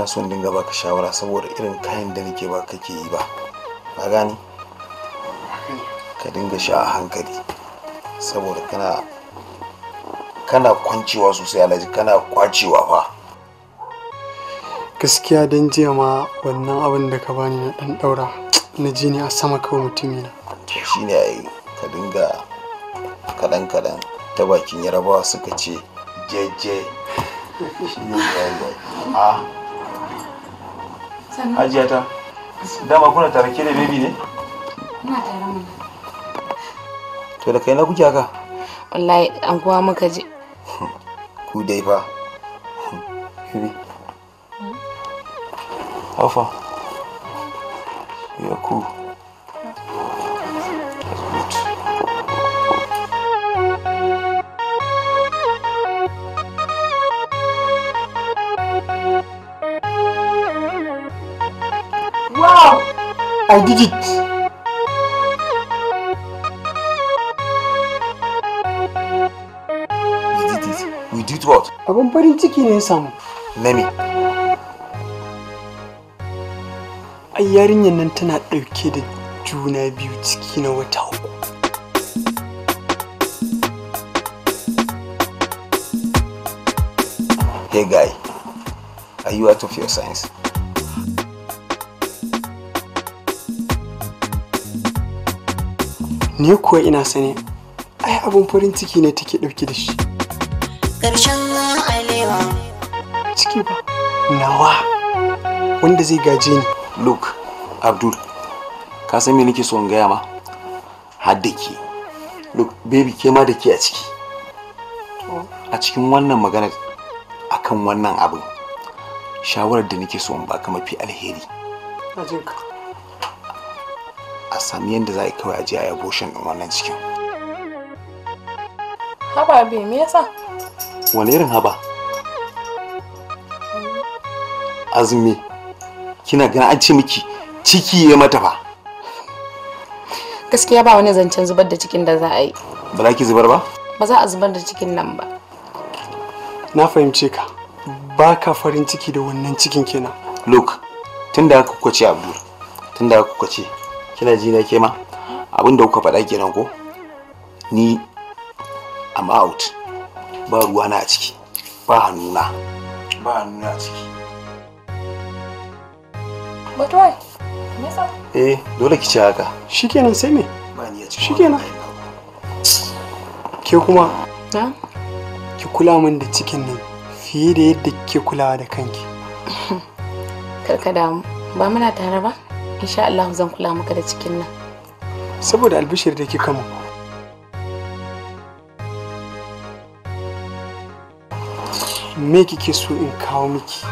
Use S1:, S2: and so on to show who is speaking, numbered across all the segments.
S1: ina son dinga baka shawara saboda irin kayan da nake ba kake yi ba ka gani ka dinga sha a hankali saboda kana kana kwancewa sosai alhaji kana kwacewa fa
S2: gaskiya dan jiya ma wannan abin da ka bani na dan daura na ji ne a sama kawai mutumi na
S1: shine ai ka dinga kadan kadan ta bakin yarabawa suka ce jeje shine a Hajiya ta. Dama kuna tare ke da baby ne? Ina tare mana. To da na kuke haka?
S2: Wallahi an kuwa muka je.
S1: Ku dai fa. Ya ku.
S2: I did it. You did it. We did what? Abin farin ciki ne samu. Nami. Ai yarinyar nan tana ɗauke da juna biyu ciki na wata uku.
S1: Hey guy, are you out of your science? ni kuwa ina sani
S2: ai abin farin ciki ne take ɗauke da shi ciki ba nawa wanda zai gaje ni
S1: luke abdul ka san me nake so in gaya ma har da ke luke baby ke ma da ke a ciki a cikin wannan maganar akan wannan abin shawarar da nake so in baka mafi alheri. Ajinka. a sami yadda za a kawai a je a abortion ɗin wannan cikin
S2: haba bai me yasa
S1: wani irin haba azumi kina gana an ce miki ciki ya mata ba. gaskiya ba wani zancen zubar da cikin da za a yi ba za ki zubar ba ba za a zubar da cikin nan ba na fahimce ka
S2: ba ka farin ciki da wannan cikin kenan
S1: look tun aka haka ce abdul tun aka haka ce kina ji na ke ma abin da kuka faɗa kenan ko ni am out ba ruwa na a ciki ba hannuna ba hannuna a ciki but why eh dole ki ci haka
S2: shikenan sai me ba ni ya ci shikenan ke kuma na ki kula min da cikin nan fiye da yadda kike kulawa da kanki
S1: karka damu ba muna tare ba insha
S2: Allah zan kula maka da cikin nan saboda albishir da kika kama me kike so in kawo miki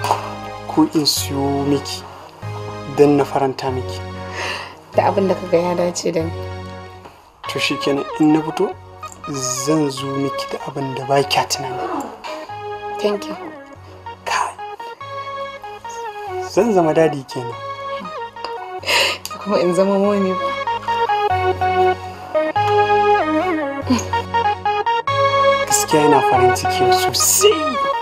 S2: ko in siyo miki don na faranta miki da abin da kaga ya dace da ni to shikenan in na fito zan zo miki da abin da ba kya tunani thank you zan zama dadi kenan kuma in zama momi ba gaskiya yana farin ciki sosai